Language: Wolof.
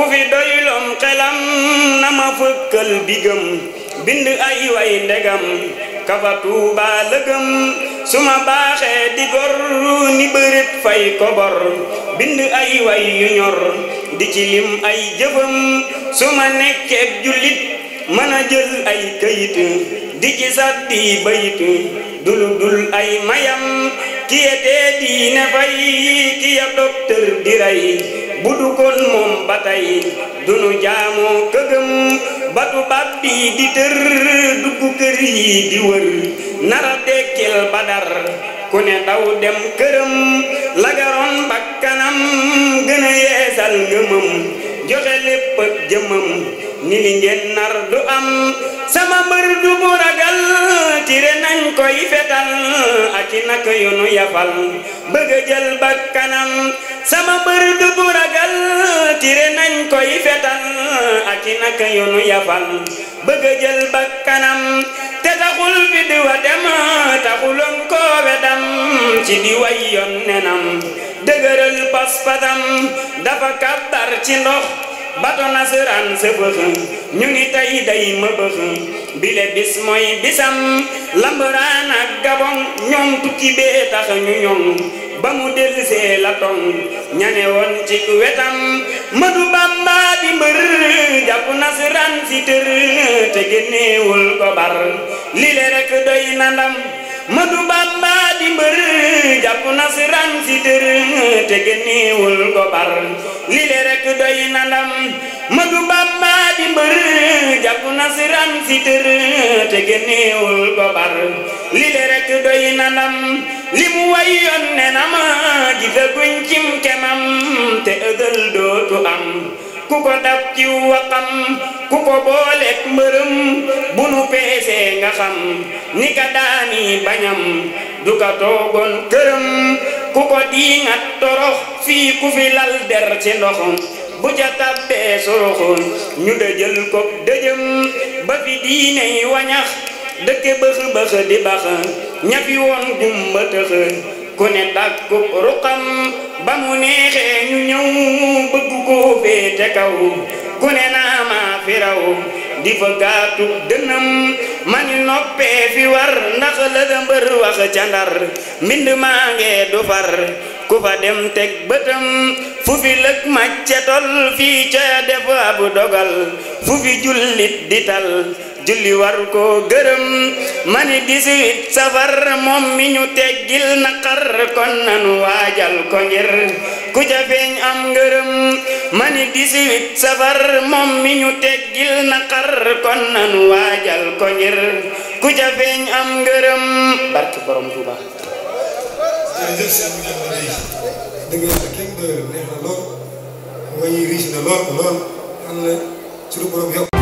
ku fi doyuloon xelam na ma fëkkal bigam bind ay way ndegam kafa tuuba lëgëm su ma baaxee di gor ni bërit fay kobor bind ay way yu di ci lim ay jëfam su ma nekkeeg jullit mën a jël ay këyit di ci sàddi bayit dulu dul ay mayam kiye tee di ne fay kiya docteur di rey bu du kon moom ba tey dunu jaamoo këgëm batu bat bi di tër dugg kër yi di wër nara dekkil badar ku ne daw dem këram lagaroon bakkanam gën a yeesal ngëmam joxe lépp ak jëmam ni li ngeen nar du am sama mbër du bu ragal tire nañ koy fetal ak i nak yu nu yafal bëgg jël bakkanam sama mbër du bu ragal tire nañ koy fetal ak i nak yu yafal bëgg bakkanam te taxul bi di dem taxuloon koo ci di way yoon nenam dëgëral pas dafa kàbbar ci ndox bato nasaraan sëbëx ñu ngi tey day mëbëx bile bis mooy bisam lambaraan ak gabon ñoom tukki bee tax ñu ñoom ba mu dellusee la tong ñane woon ci wetam madu bamba di mbër jàpp nasaraan si tër te génneewul ko bar lile rek doy na ndam madu bamba di mbër jàpp nasaraan si tër te génneewul ko bar li le doy na ndam magu Bamba mbër jàpp na si tër te génneewul gobar li le doy na li mu way yoon ne na ma gisaguñ te ëgal dootu am ku ko dab ci waxam ku ko booleeg mbërëm bu nu peesee nga xam ni ka daani bañam du ka toogoon këram ku ko diingat torox fii ku fi lal der ci ndoxum bu ca tàbbee soroxoon ñu dëjël ko dëjëm ba fi diine wañax dëkk bëx bëx di bax ñafi woon gumba tëx ku ne tàkku ruqam ba mu neexee ñu ñëw bëgg koo féete kaw ku ne naa maa firaw di fa gaatu mani noppee fi war ndax la da mbër wax ca ndar mbind maa ngee du far ku fa dem teg bëtam fu fi lëg macca tol fii ca def abu dogal fu fi jullit di tal julli war ko gërëm mani 18 safar moom mi ñu teggil naqar kon nanu waajal ko ngir ku ca feeñ am ngërëm mani 18 safar moom mi ñu teggil naqar kon nanu waajal ko ku ca feeñ am ngërëm borom Tuuba